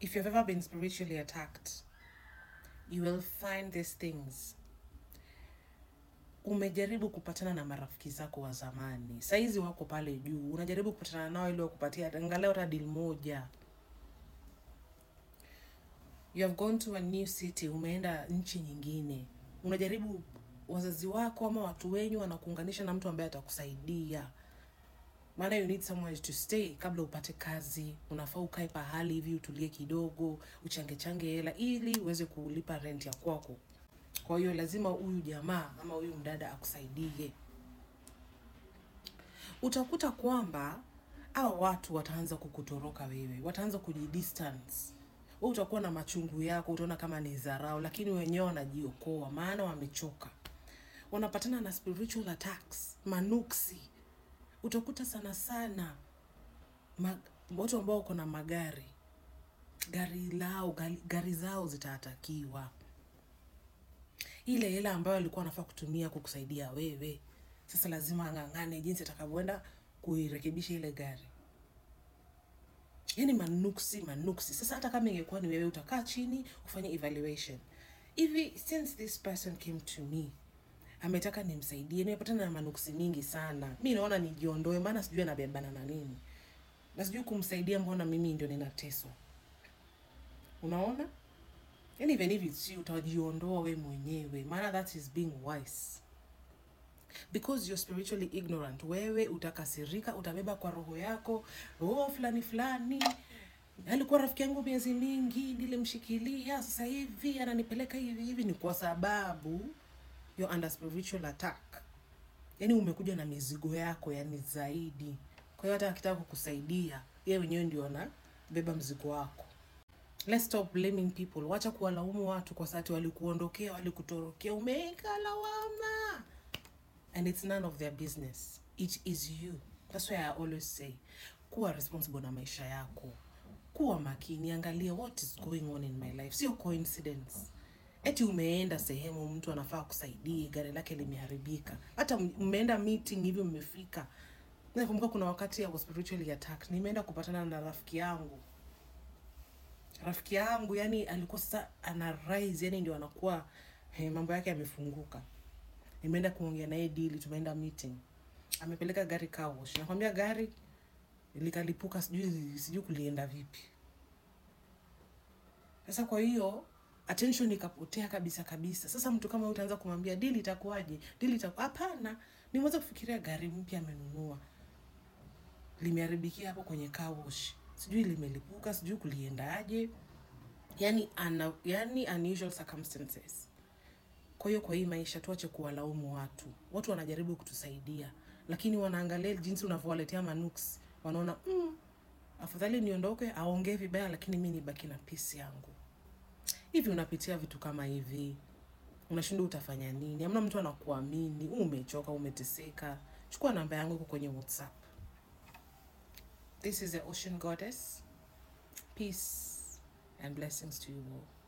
If you've ever been spiritually attacked, you will find these things. Umejaribu kupatana na marafiki zako wa zamani, saizi wako pale juu, unajaribu kupatana nao ili wakupatia angalau hata deal moja. You have gone to a new city, umeenda nchi nyingine, unajaribu, wazazi wako ama watu wenyu wanakuunganisha na mtu ambaye atakusaidia maana you need somewhere to stay. Kabla upate kazi, unafaa ukae pahali hivi utulie kidogo, uchange change hela ili uweze kulipa rent ya kwako. Kwa hiyo lazima huyu jamaa ama huyu mdada akusaidie. Utakuta kwamba hao watu wataanza kukutoroka wewe, wataanza kujidistance wewe, utakuwa na machungu yako, utaona kama ni dharau, lakini wenyewe wanajiokoa, maana wamechoka. Wanapatana na spiritual attacks, manuksi utakuta sana sana watu ambao wako na magari gari lao gari, gari zao zitatakiwa ile hela ambayo alikuwa anafaa kutumia kukusaidia wewe, sasa lazima ang'ang'ane jinsi atakavyoenda kuirekebisha ile gari. Yani manuksi manuksi. Sasa hata kama ingekuwa ni wewe, utakaa chini ufanye evaluation hivi, since this person came to me ametaka nimsaidie. Nimepatana na manuksi mingi sana, mi naona nijiondoe, maana sijui anabebana na nini na sijui kumsaidia. Mbona mimi ndio ninateswa? Unaona, yani even if it's you, utajiondoa we mwenyewe, maana that is being wise because you're spiritually ignorant. Wewe utakasirika, utabeba kwa roho yako roho fulani fulani alikuwa rafiki yangu miezi mingi, nilimshikilia, sasa hivi ananipeleka hivi hivi. Ni kwa sababu you're under spiritual attack. Yani umekuja na mizigo yako yani zaidi. Kwa hiyo hata akitaka kukusaidia, yeye mwenyewe ndio anabeba mzigo wako. Let's stop blaming people. Wacha kuwalaumu watu kwa sababu walikuondokea, walikutorokea. umeika lawama. And it's none of their business. It is you. That's why I always say, kuwa responsible na maisha yako. Kuwa makini, angalia what is going on in my life. Sio coincidence. Eti umeenda sehemu mtu anafaa kusaidie, gari lake limeharibika, hata mmeenda meeting hivi, mmefika. Nakumbuka kuna wakati ya spiritually attack, nimeenda kupatana na rafiki yangu rafiki yangu yani alikuwa sasa ana rise, yani ndio anakuwa hey, eh, mambo yake yamefunguka. Nimeenda kuongea naye deal, tumeenda meeting, amepeleka gari car wash. Nakwambia gari likalipuka, sijui sijui kulienda vipi. Sasa kwa hiyo attention ikapotea kabisa kabisa. Sasa mtu kama huyu utaanza kumwambia deal itakuwaje? Deal itakuwa hapana, nimeweza kufikiria gari mpya amenunua limeharibikia hapo kwenye car wash, sijui limelipuka, sijui kuliendaje, yani ana yani unusual circumstances. Kwa hiyo kwa hii maisha tuache kuwalaumu watu. Watu wanajaribu kutusaidia, lakini wanaangalia jinsi unavyowaletea manuks. wanaona mm, afadhali niondoke aongee vibaya, lakini mimi nibaki na peace yangu hivi unapitia vitu kama hivi, unashindwa utafanya nini, amna mtu anakuamini, umechoka, umeteseka, chukua namba yangu huko kwenye WhatsApp. This is the Ocean Goddess. Peace and blessings to you all.